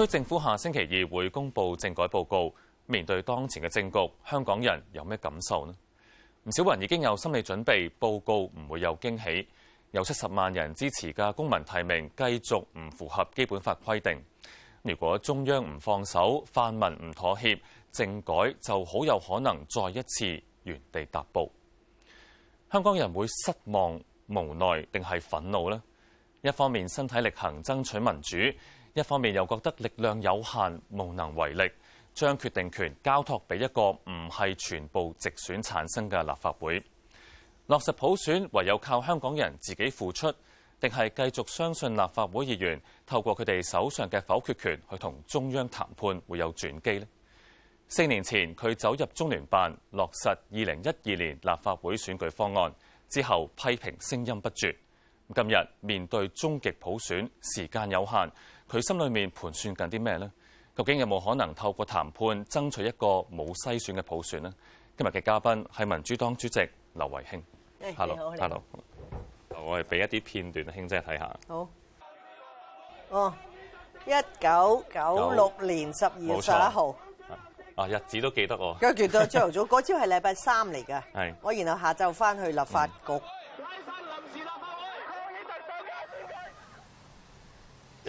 特區政府下星期二會公布政改報告。面對當前嘅政局，香港人有咩感受呢？唔少人已經有心理準備，報告唔會有驚喜。有七十萬人支持嘅公民提名繼續唔符合基本法規定。如果中央唔放手，泛民唔妥協，政改就好有可能再一次原地踏步。香港人會失望、無奈，定係憤怒呢？一方面身體力行爭取民主。一方面又覺得力量有限，無能為力，將決定權交託俾一個唔係全部直選產生嘅立法會，落實普選唯有靠香港人自己付出，定係繼續相信立法會議員，透過佢哋手上嘅否決權去同中央談判，會有轉機呢？四年前，佢走入中聯辦，落實二零一二年立法會選舉方案之後，批評聲音不絕。今日面對終極普選，時間有限。佢心裏面盤算緊啲咩咧？究竟有冇可能透過談判爭取一個冇篩選嘅普選呢？今日嘅嘉賓係民主黨主席劉慧卿。Hello，hello。Hello. Hello. Hello. 我係俾一啲片段，卿姐睇下。好。哦，oh，一九九六年十二月十一號。啊，日子都記得喎。記 得，記得。跟住到朝頭早嗰朝係禮拜三嚟㗎。係。我然後下晝翻去立法局。嗯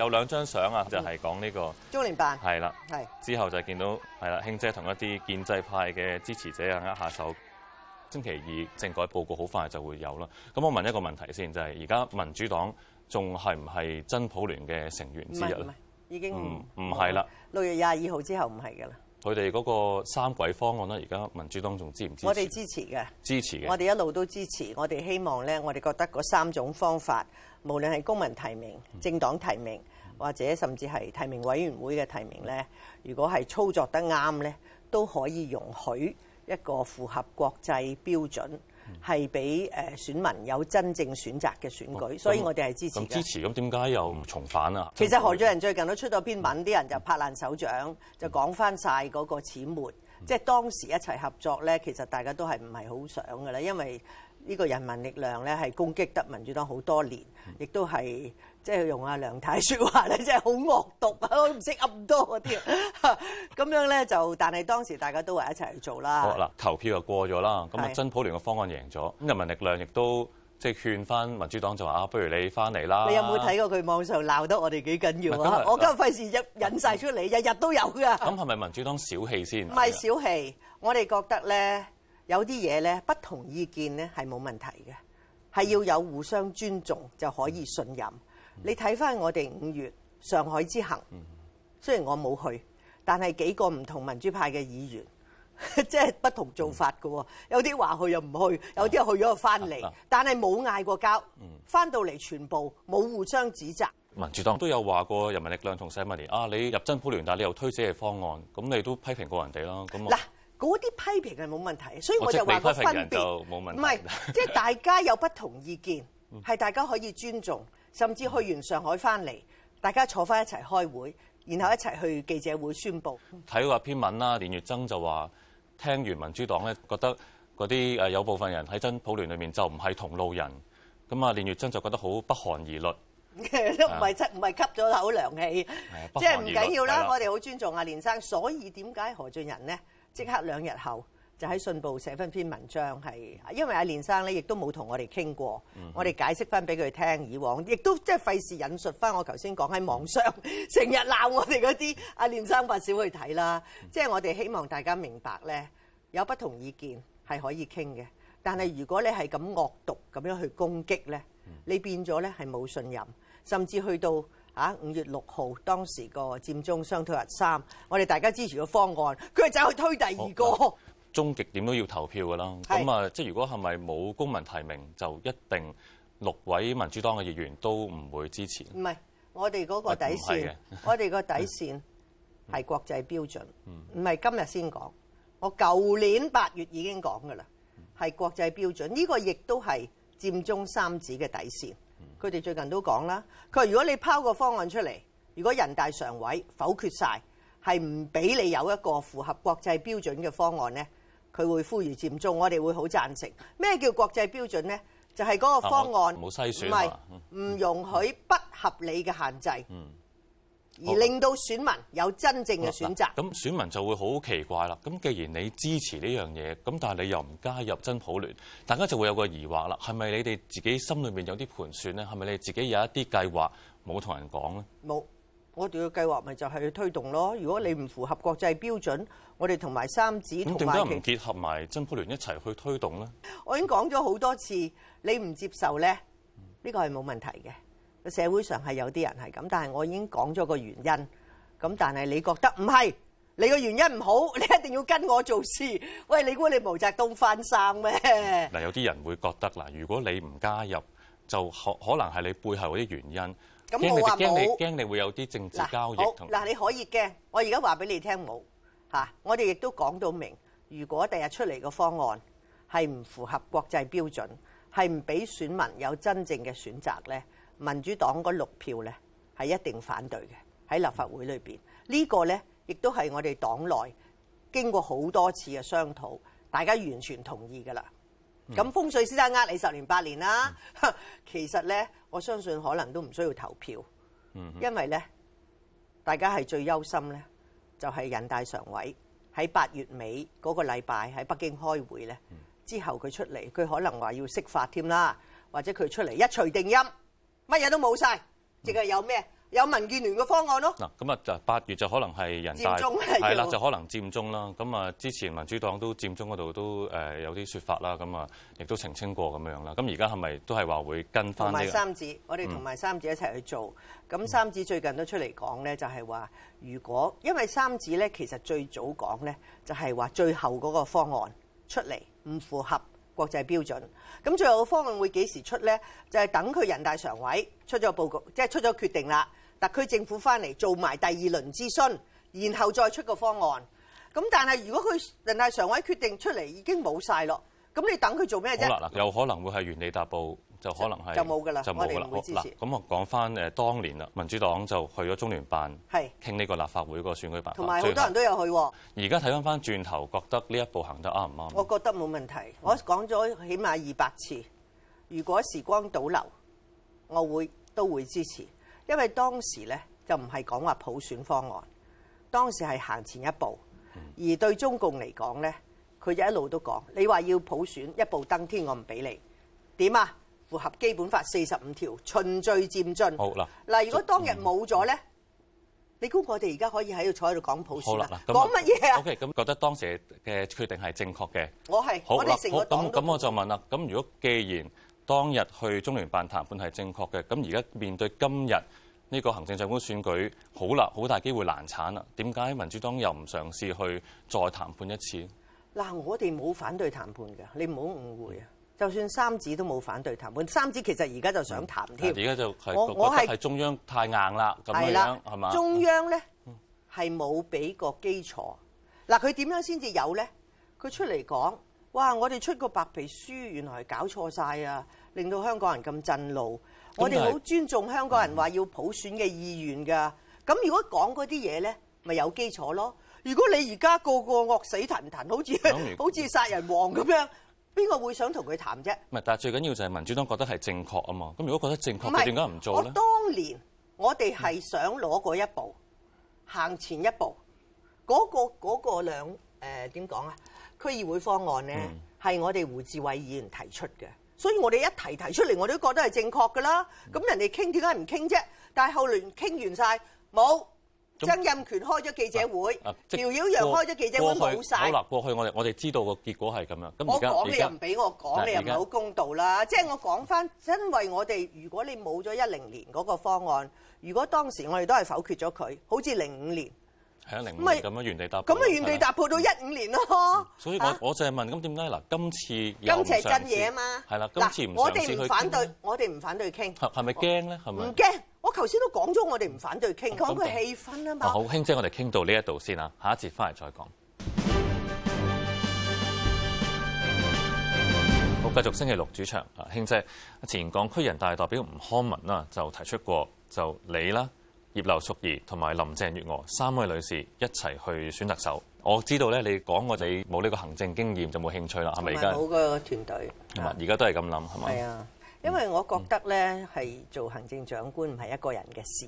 有兩張相啊，就係講呢個中聯辦係啦。之後就見到係啦，卿姐同一啲建制派嘅支持者啊，握下手。星期二政改報告好快就會有啦。咁我問一個問題先，就係而家民主黨仲係唔係真普聯嘅成員之一？唔係，係唔係，已經唔唔係啦。六月廿二號之後唔係嘅啦。佢哋嗰個三軌方案咧，而家民主黨仲支唔支持？我哋支持嘅，支持嘅。我哋一路都支持。我哋希望咧，我哋覺得嗰三種方法，無論係公民提名、政黨提名，嗯或者甚至係提名委員會嘅提名呢，如果係操作得啱呢，都可以容許一個符合國際標準，係俾誒選民有真正選擇嘅選舉、嗯，所以我哋係支，支持。支持，咁點解又重返啊？其實何俊仁最近都出咗篇文，啲、嗯、人就拍爛手掌，就講翻晒嗰個始末。嗯、即係當時一齊合作呢，其實大家都係唔係好想噶啦，因為呢個人民力量呢，係攻擊得民主黨好多年，亦都係。即係用阿梁太説話咧，真係好惡毒啊！我唔識噏多嗰啲咁樣咧，就但係當時大家都係一齊去做啦。好啦，投票就過咗啦。咁啊，真普聯嘅方案贏咗咁，人民力量亦都即係勸翻民主黨就話啊，不如你翻嚟啦。你有冇睇過佢網上鬧得我哋幾緊要啊？我今日費事引引曬出嚟，日日都有噶。咁係咪民主黨小氣先？唔係小氣，我哋覺得咧有啲嘢咧不同意見咧係冇問題嘅，係要有互相尊重就可以信任。你睇翻我哋五月上海之行，雖然我冇去，但係幾個唔同民主派嘅議員， 即係不同做法嘅喎、嗯。有啲話去又唔去，有啲去咗又翻嚟、啊，但係冇嗌過交，翻到嚟全部冇互相指責。民主黨都有話過，人民力量同 s i m 啊，你入真普聯但你又推這嘅方案，咁你都批評過人哋囉。咁嗱，嗰啲批評係冇問題，所以我就話個分別唔係即係大家有不同意見，係、嗯、大家可以尊重。甚至去完上海翻嚟，大家坐翻一齊開會，然後一齊去記者會宣佈。睇個篇文啦，連月增就話聽完民主黨咧，覺得嗰啲有部分人喺真普聯裏面就唔係同路人，咁啊連月增就覺得好不寒而栗。唔係唔係吸咗口涼氣，即係唔緊要啦、啊。我哋好尊重阿、啊、連生，所以點解何俊仁呢？即刻兩日後？就喺信報寫翻篇文章係，因為阿連生咧，亦都冇同我哋傾過。嗯、我哋解釋翻俾佢聽，以往亦都即係費事引述翻我頭先講喺網上成日鬧我哋嗰啲阿連生發小去睇啦、嗯。即係我哋希望大家明白咧，有不同意見係可以傾嘅。但係如果你係咁惡毒咁樣去攻擊咧，你變咗咧係冇信任，甚至去到啊五月六號當時個佔中商討日三，我哋大家支持個方案，佢就走去推第二個。終極點都要投票㗎啦，咁啊，即係如果係咪冇公民提名，就一定六位民主黨嘅議員都唔會支持？唔係，我哋嗰個底線，啊、是的 我哋個底線係國際標準，唔、嗯、係今日先講。我舊年八月已經講㗎啦，係國際標準，呢、這個亦都係佔中三子嘅底線。佢哋最近都講啦，佢話如果你拋個方案出嚟，如果人大常委否決晒，係唔俾你有一個符合國際標準嘅方案呢。」佢會呼籲佔中，我哋會好贊成。咩叫國際標準呢？就係、是、嗰個方案，冇、啊、篩選，唔係唔容許不合理嘅限制、嗯，而令到選民有真正嘅選擇。咁選民就會好奇怪啦。咁既然你支持呢樣嘢，咁但係你又唔加入真普聯，大家就會有個疑惑啦。係咪你哋自己心裏面有啲盤算呢？係咪你自己有一啲計劃冇同人講呢？冇。我哋嘅計劃咪就係去推動咯。如果你唔符合國際標準，我哋同埋三子同埋，咁點解唔結合埋真普聯一齊去推動咧？我已經講咗好多次，你唔接受咧，呢個係冇問題嘅。社會上係有啲人係咁，但係我已經講咗個原因。咁但係你覺得唔係？你個原因唔好，你一定要跟我做事。喂，你估你毛澤東翻生咩？嗱，有啲人會覺得嗱，如果你唔加入，就可可能係你背後嗰啲原因。咁我話冇，驚你會有啲政治交易同，嗱，你可以驚，我而家話俾你聽冇，嚇，我哋亦都講到明，如果第日出嚟個方案係唔符合國際標準，係唔俾選民有真正嘅選擇咧，民主黨嗰六票咧係一定反對嘅，喺立法會裏邊呢個咧亦都係我哋黨內經過好多次嘅商討，大家完全同意㗎喇。咁、嗯、風水先生呃你十年八年啦，嗯，其實呢，我相信可能都唔需要投票，嗯嗯，因為呢，大家係最憂心呢，就係、是、人大常委喺八月尾嗰個禮拜喺北京開會呢，嗯、之後佢出嚟，佢可能話要釋法添啦，或者佢出嚟一錘定音，乜嘢都冇晒，淨係有咩？嗯有民建聯嘅方案咯。嗱，咁啊就八月就可能係人大，係啦就可能佔中啦。咁啊，之前民主黨都佔中嗰度都誒有啲説法啦。咁啊，亦都澄清過咁樣啦。咁而家係咪都係話會跟翻？同埋三子，我哋同埋三子一齊去做。咁、嗯、三子最近都出嚟講咧，就係話如果因為三子咧，其實最早講咧就係話最後嗰個方案出嚟唔符合國際標準。咁最後嘅方案會幾時出咧？就係、是、等佢人大常委出咗報告，即係出咗決定啦。特區政府翻嚟做埋第二輪諮詢，然後再出個方案。咁但係，如果佢人大常委決定出嚟，已經冇晒咯，咁你等佢做咩啫？有可能會係原地踏步，就可能係就冇㗎啦，就冇啦。唔會支持。咁我講翻誒，當年民主黨就去咗中聯辦傾呢個立法會個選舉辦法，同埋好多人都有去。而家睇翻翻轉頭，覺得呢一步行得啱唔啱？我覺得冇問題。我講咗起碼二百次，如果時光倒流，我會都會支持。因為當時咧就唔係講話普選方案，當時係行前一步，而對中共嚟講咧，佢就一路都講：你話要普選，一步登天，我唔俾你。點啊？符合基本法四十五條循序漸進。好啦，嗱，如果當日冇咗咧，你估我哋而家可以喺度坐喺度講普選啊？講乜嘢啊？OK，咁覺得當時嘅決定係正確嘅。我係，我哋成個黨。咁我就問啦，咁如果既然當日去中聯辦談判係正確嘅，咁而家面對今日呢個行政長官選舉，好啦，好大機會難產啦。點解民主黨又唔嘗試去再談判一次？嗱，我哋冇反對談判嘅，你唔好誤會啊。就算三子都冇反對談判，三子其實而家就想談添。而、嗯、家就係我我係中央太硬啦，咁樣係嘛？中央咧係冇俾個基礎。嗱、嗯，佢點樣先至有咧？佢出嚟講：哇，我哋出個白皮書，原來係搞錯晒啊！令到香港人咁震怒，我哋好尊重香港人話要普選嘅意願㗎。咁、嗯、如果講嗰啲嘢咧，咪有基礎咯。如果你而家個個惡死騰騰好似好似殺人王咁樣，邊 個會想同佢談啫？唔係，但係最緊要就係民主黨覺得係正確啊嘛。咁如果覺得正確，佢點解唔做呢？我當年我哋係想攞過一步行、嗯、前一步嗰、個嗰、個兩誒點講啊？區、呃、議會方案咧係、嗯、我哋胡志偉議員提出嘅。所以我哋一提提出嚟，我都覺得係正確噶啦。咁人哋傾點解唔傾啫？但係後來傾完晒，冇曾蔭權開咗記者會，苗曉陽開咗記者會，冇晒好啦。過去我哋我哋知道個結果係咁樣，咁我講你又唔俾我講你又唔好公道啦。即係我講翻，因為我哋如果你冇咗一零年嗰個方案，如果當時我哋都係否決咗佢，好似零五年。係啊，零五年咁樣原地踏步咁咪原地踏步到一五年咯、啊嗯。所以我，啊、我就係問咁點解嗱？今次係真嘢啊嘛？係啦，今次唔、啊、我哋唔反對，我哋唔反對傾係咪驚咧？係咪唔驚？我頭先都講咗，我哋唔反對傾講、啊、個氣氛啊嘛。好，卿姐，我哋傾到呢一度先啦，下一節翻嚟再講。好，繼續星期六主場啊，卿姐，前港區人大代表吳康文啦就提出過，就你啦。葉劉淑儀同埋林鄭月娥三位女士一齊去選特首。我知道咧，你講我哋冇呢個行政經驗就冇興趣啦，係咪而家冇個團隊？咁啊，而家都係咁諗係咪？係啊，因為我覺得咧係做行政長官唔係一個人嘅事，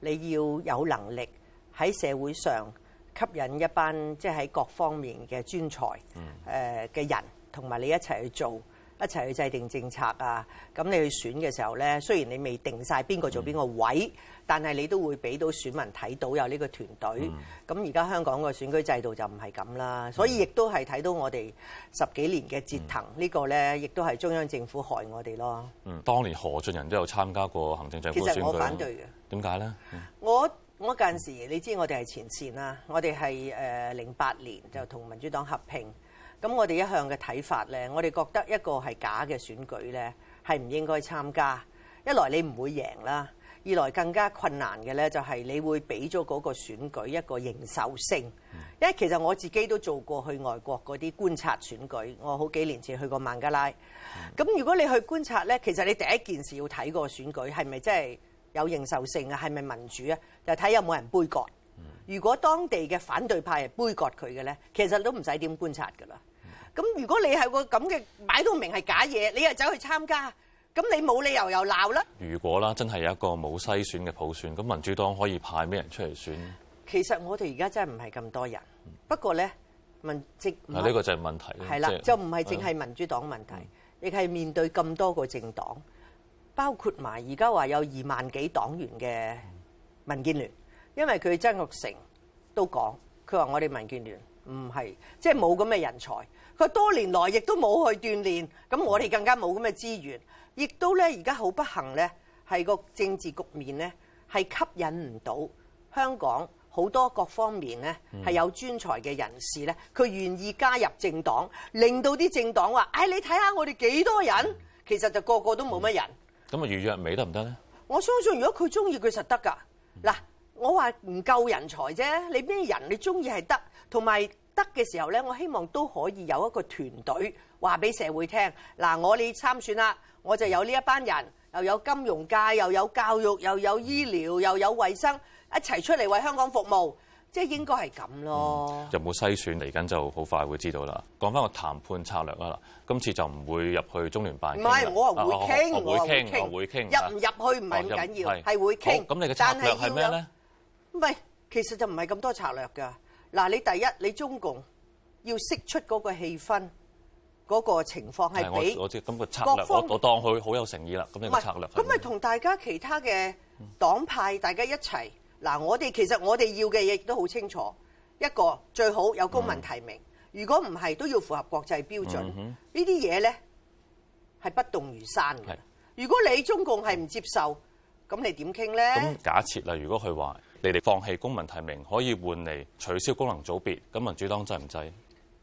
你要有能力喺社會上吸引一班即係喺各方面嘅專才誒嘅人，同埋你一齊去做。一齊去制定政策啊！咁你去選嘅時候呢，雖然你未定晒邊個做邊個位，嗯、但係你都會俾到選民睇到有呢個團隊。咁而家香港個選舉制度就唔係咁啦，所以亦都係睇到我哋十幾年嘅折騰呢、嗯呢個呢，亦都係中央政府害我哋咯。嗯，當年何俊仁都有參加過行政長官選舉，其實我反對嘅。點解呢？嗯、我我陣時你知我哋係前線啊，我哋係誒零八年就同民主黨合併。咁我哋一向嘅睇法呢，我哋覺得一個係假嘅選舉呢，係唔應該參加。一來你唔會贏啦，二來更加困難嘅呢，就係、是、你會俾咗嗰個選舉一個認受性。因為其實我自己都做過去外國嗰啲觀察選舉，我好幾年前去過孟加拉。咁如果你去觀察呢，其實你第一件事要睇個選舉係咪真係有認受性啊？係咪民主啊？又睇有冇人杯葛。如果當地嘅反對派係杯葛佢嘅咧，其實都唔使點觀察噶啦。咁如果你係個咁嘅擺到明係假嘢，你又走去參加，咁你冇理由又鬧啦。如果啦，真係有一個冇篩選嘅普選，咁民主黨可以派咩人出嚟選？其實我哋而家真係唔係咁多人，不過咧，民直唔係呢個就係問題。係啦，就唔係淨係民主黨問題，亦係面對咁多個政黨，包括埋而家話有二萬幾黨員嘅民建聯。因為佢曾鈺成都講，佢話我哋民建聯唔係即係冇咁嘅人才，佢多年來亦都冇去鍛鍊，咁我哋更加冇咁嘅資源，亦都咧而家好不幸咧，係個政治局面咧係吸引唔到香港好多各方面咧係有專才嘅人士咧，佢願意加入政黨，令到啲政黨話：「唉、哎，你睇下我哋幾多人，其實就個個都冇乜人。咁、嗯、啊，余若薇得唔得咧？我相信如果佢中意，佢實得㗎嗱。嗯我話唔夠人才啫，你咩人你中意係得，同埋得嘅時候咧，我希望都可以有一個團隊話俾社會聽。嗱，我哋參選啦，我就有呢一班人，又有金融界，又有教育，又有醫療，又有衞生，一齊出嚟為香港服務，即係應該係咁咯。有冇篩選嚟緊就好快會知道啦。講返個談判策略啦，今次就唔會入去中聯辦。唔係，我話會傾，我話會傾，入唔入去唔係咁緊要，係會傾。咁你嘅策略係咩咧？唔係，其實就唔係咁多策略噶。嗱，你第一，你中共要釋出嗰個氣氛，嗰、嗰個情況係俾、這個、各方我。我當佢好有誠意啦。咁、這、樣、個、策略咁咪同大家其他嘅黨派大家一齊嗱。我哋其實我哋要嘅嘢都好清楚，一個最好有公民提名，如果唔係都要符合國際標準、嗯、這些東西呢啲嘢咧係不動如山嘅。如果你中共係唔接受，咁你點傾咧？咁假設啦，如果佢話，你哋放棄公民提名，可以換嚟取消功能組別，咁民主黨制唔制？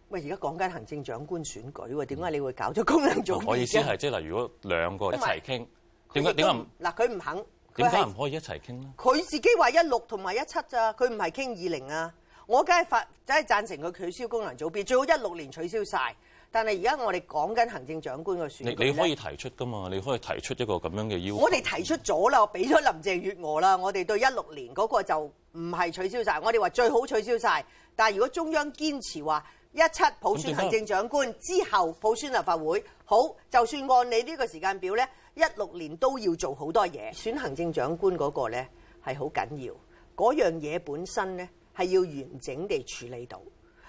喂，而家講緊行政長官選舉喎，點解你會搞咗功能組別？我、嗯、意思係即係，例如、就是、如果兩個一齊傾，點解點解唔嗱？佢唔肯，點解唔可以一齊傾咧？佢自己話一六同埋一七咋，佢唔係傾二零啊！我梗係發，梗、就、係、是、贊成佢取消功能組別，最好一六年取消晒。但係而家我哋講緊行政長官嘅選舉，你，你可以提出㗎嘛？你可以提出一個咁樣嘅要求我。我哋提出咗啦，我俾咗林鄭月娥啦。我哋對一六年嗰個就唔係取消晒。我哋話最好取消晒，但係如果中央堅持話一七普選行政長官之後普選立法會，好，就算按你呢個時間表呢，一六年都要做好多嘢。選行政長官嗰個呢係好緊要，嗰樣嘢本身呢係要完整地處理到。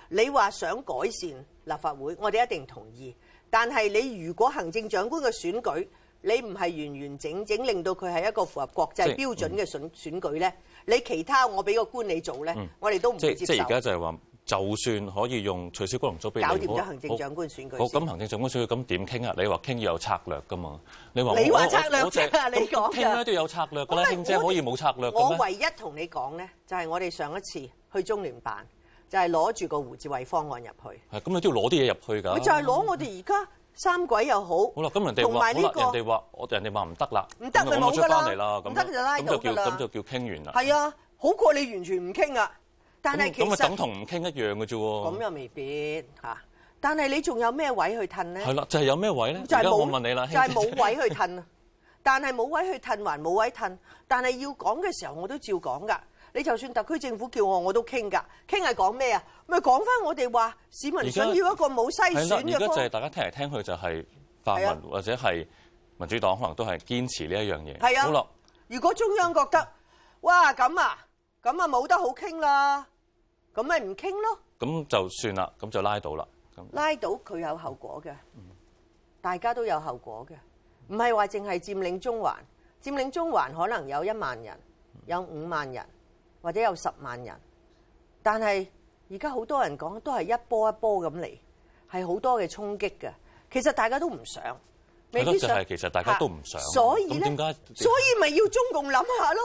你話想改善？立法會，我哋一定同意。但係你如果行政長官嘅選舉，你唔係完完整整令到佢係一個符合國際標準嘅選選舉咧，你其他我俾個官你做咧，我哋都唔會接受。即即而家就係話，就算可以用取消功能組俾你，搞掂咗行政長官選舉。好咁，行政長官選舉咁點傾啊？你話傾要有策略㗎嘛？你話你話策略啊？你講傾咧都要有策略㗎咧，點可以冇策略㗎咧？我唯一同你講咧，就係我哋上一次去中聯辦。就係攞住個胡志偉方案入去，係咁你都要攞啲嘢入去㗎。佢就係、是、攞我哋而家三軌又好。好啦，咁人哋話、呢個，人哋話我人哋話唔得啦，唔得咪攞咗返嚟啦，唔得就拉到啦。咁就叫咁就叫傾完啦。係啊，好過你完全唔傾啊。但係其實咁咪等同唔傾一樣嘅啫喎。咁又未必嚇，但係你仲有咩位去褪咧？係啦，就係、是、有咩位咧？而家我問你啦，卿姐。就係、是、冇、就是、位去褪啊， 但係冇位去褪還冇位褪，但係要講嘅時候我都照講㗎。你就算特區政府叫我，我都傾㗎。傾係講咩啊？咪講翻我哋話市民想要一個冇篩選嘅。而家就係大家聽嚟聽去就係泛民係、啊、或者係民主黨，可能都係堅持呢一樣嘢。係啊。好啦，如果中央覺得哇咁啊咁啊冇得好傾啦，咁咪唔傾咯。咁就算啦，咁就拉到啦。拉到佢有後果嘅，大家都有後果嘅，唔係話淨係佔領中環。佔領中環可能有一萬人，有五萬人。或者有十萬人，但係而家好多人講都係一波一波咁嚟，係好多嘅衝擊嘅。其實大家都唔想，未必想、就係、其實大家都唔想、啊，所以呢，所以咪要中共諗下咯？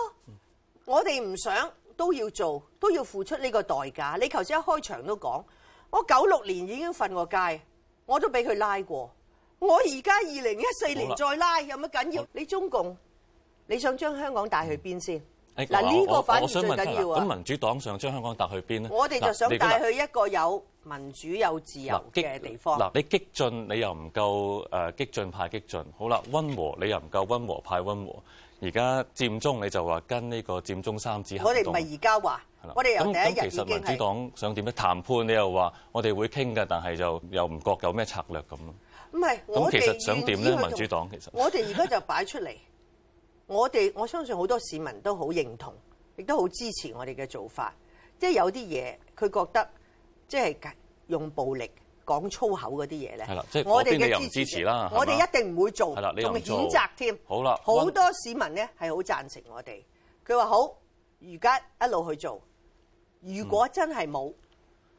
我哋唔想都要做，都要付出呢個代價。你頭先一開場都講，我九六年已經瞓過街，我都俾佢拉過。我而家二零一四年再拉有乜緊要？你中共，你想將香港帶去邊先？嗯嗱，呢個反而我想問最緊要啊！咁民主黨想將香港搭去邊咧？我哋就想帶去一個有民主、有自由嘅地方。嗱，你激進，你又唔夠誒激進派激進；好啦，溫和，你又唔夠溫和派溫和。而家佔中，你就話跟呢個佔中三子行動。我哋唔係而家話，我哋由第一日已經係。咁咁，其實民主黨想點咧？談判你又話我哋會傾嘅，但係就又唔覺有咩策略咁咯。唔係，我其實想點咧？民主黨其實我哋而家就擺出嚟。 我哋我相信好多市民都好認同，亦都好支持我哋嘅做法。即係有啲嘢，佢覺得即係用暴力、講粗口嗰啲嘢咧。係啦，即係我哋嘅支持啦。我哋一定唔會做，係啦，仲譴責添。好啦，好多市民咧係好贊成我哋。佢話好，而家一路去做。如果真係冇、嗯、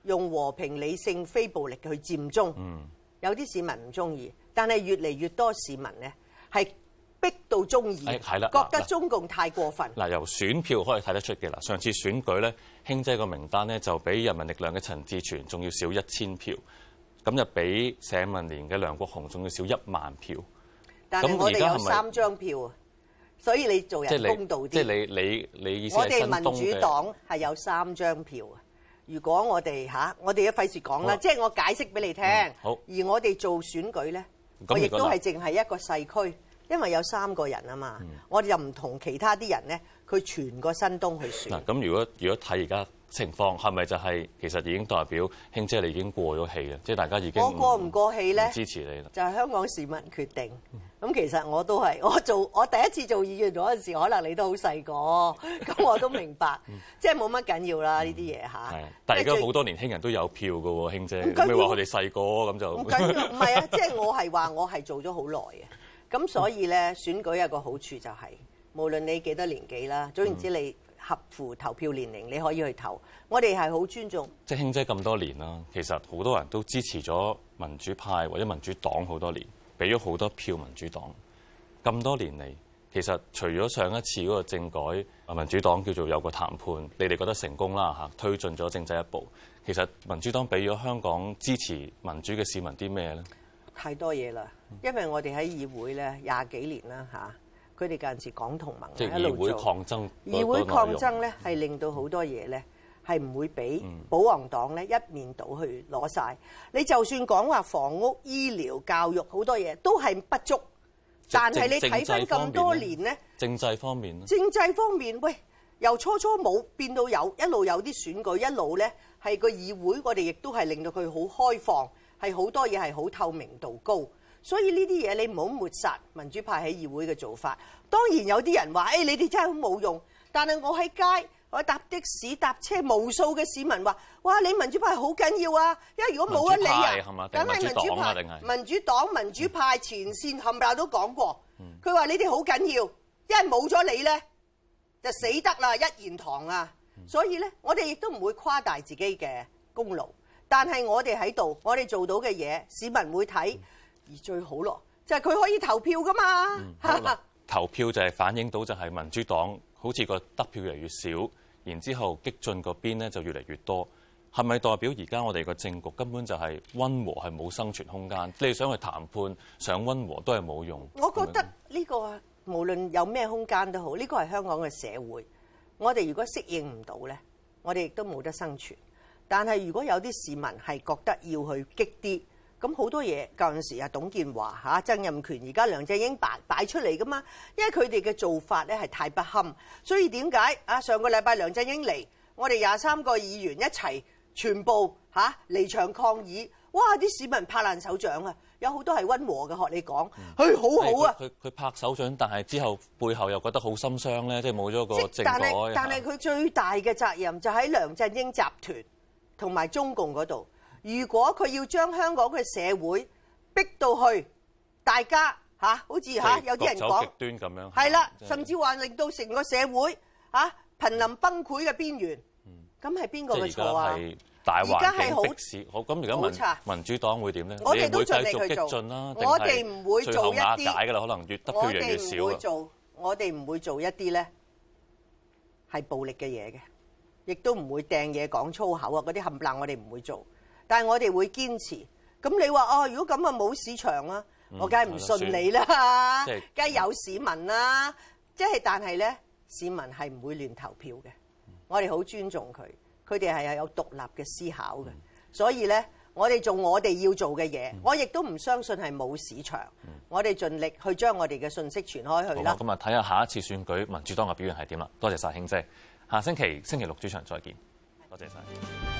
用和平、理性、非暴力去佔中，嗯、有啲市民唔中意，但係越嚟越多市民咧係。係逼到中意，覺、哎、得中共太過分嗱。由選票可以睇得出嘅啦。上次選舉咧，卿姐個名單咧就比人民力量嘅陳志全仲要少一千票，咁就比社民連嘅梁國雄仲要少一萬票。但係我哋有三張票啊，所以你做人公道啲。即係你你你意思我哋民主黨係有三張票啊。如果我哋嚇、啊、我哋一費事講啦，即係我解釋俾你聽，嗯、好而我哋做選舉咧、嗯，我亦都係淨係一個細區。因為有三個人啊嘛，我哋又唔同其他啲人咧，佢全個新東去選、嗯。嗱，咁如果如果睇而家情況，係咪就係、是、其實已經代表卿姐你已經過咗氣嘅？即係大家已經不我過唔過氣咧？支持你啦，就係香港市民決定。咁、嗯、其實我都係，我做我第一次做議員嗰陣時，可能你都好細個，咁我都明白，嗯、即係冇乜緊要啦呢啲嘢嚇。但係而家好多年輕人都有票嘅喎，卿姐，唔好話佢哋細個咁就唔緊要。唔係啊，即係 我係話我係做咗好耐嘅。咁所以咧、嗯，選舉有個好處就係、是，無論你幾多年紀啦，總言之你合乎投票年齡，你可以去投。嗯、我哋係好尊重。即係卿姐咁多年啦，其實好多人都支持咗民主派或者民主黨好多年，俾咗好多票民主黨。咁多年嚟，其實除咗上一次嗰個政改，民主黨叫做有個談判，你哋覺得成功啦嚇，推進咗政制一步。其實民主黨俾咗香港支持民主嘅市民啲咩呢？太多嘢啦，因為我哋喺議會咧，廿幾年啦嚇，佢哋間接港同盟即係一路做。議會抗爭，議會抗爭咧，係令到好多嘢咧，係唔會俾保皇黨咧，一面倒去攞晒。你就算講話房屋、醫療、教育好多嘢都係不足，但係你睇翻咁多年咧，政制方面，政制方面喂，由初初冇變到有，一路有啲選舉，一路咧，係個議會，我哋亦都係令到佢好開放。係好多嘢係好透明度高，所以呢啲嘢你唔好抹殺民主派喺議會嘅做法。當然有啲人話：誒、哎、你哋真係好冇用。但係我喺街，我搭的士、搭車，無數嘅市民話：哇！你民主派好緊要啊！因為如果冇咗你啊，梗係民主派，民主民主派、民主黨、民主派前線冚唪唥都講過，佢、嗯、話你哋好緊要，因為冇咗你呢，就死得啦，一言堂啊！所以呢，我哋亦都唔會誇大自己嘅功勞。但係我哋喺度，我哋做到嘅嘢，市民會睇，而最好咯，就係佢可以投票㗎嘛。嗯、 投票就係反映到就係民主黨好似個得票越嚟越少，然之後激進嗰邊咧就越嚟越多，係咪代表而家我哋個政局根本就係温和係冇生存空間？你想去談判，想温和都係冇用。我覺得呢個無論有咩空間都好，呢個係香港嘅社會。我哋如果適應唔到呢，我哋亦都冇得生存。但係如果有啲市民係覺得要去激啲，咁好多嘢舊陣時啊，董建華，吓，曾蔭權，而家梁振英擺擺出嚟噶嘛，因為佢哋嘅做法咧係太不堪。所以點解啊？上個禮拜梁振英嚟，我哋廿三個議員一齊全部嚇、啊、離場抗議，哇！啲市民拍爛手掌啊，有好多係温和嘅，學你講，佢、嗯、好好啊。佢佢拍手掌，但係之後背後又覺得好心傷咧，即係冇咗個。但係但係佢最大嘅責任就喺梁振英集團。同埋中共嗰度，如果佢要將香港嘅社會逼到去，大家嚇，好似嚇有啲人講極端咁樣，係啦，甚至話令到成個社會嚇瀕臨崩潰嘅邊緣，咁係邊個嘅錯啊？而家係大環境逼市，好咁而家民民主黨會點咧？我哋都盡力去做，我哋唔會做一啲，我哋唔會做一啲咧係暴力嘅嘢嘅。亦都唔會掟嘢講粗口啊！嗰啲冚唪唥我哋唔會做，但係我哋會堅持。咁你話哦，如果咁啊冇市場啊，我梗係唔信你啦，梗係有市民啦。即係但係咧，市民係唔會亂投票嘅。我哋好尊重佢，佢哋係有獨立嘅思考嘅。所以咧，我哋做我哋要做嘅嘢，我亦都唔相信係冇市場。我哋盡力去將我哋嘅信息傳開去啦。咁啊，睇下下一次選舉民主黨嘅表現係點啦。多謝晒卿姐。下星期星期六主場再見，多謝晒。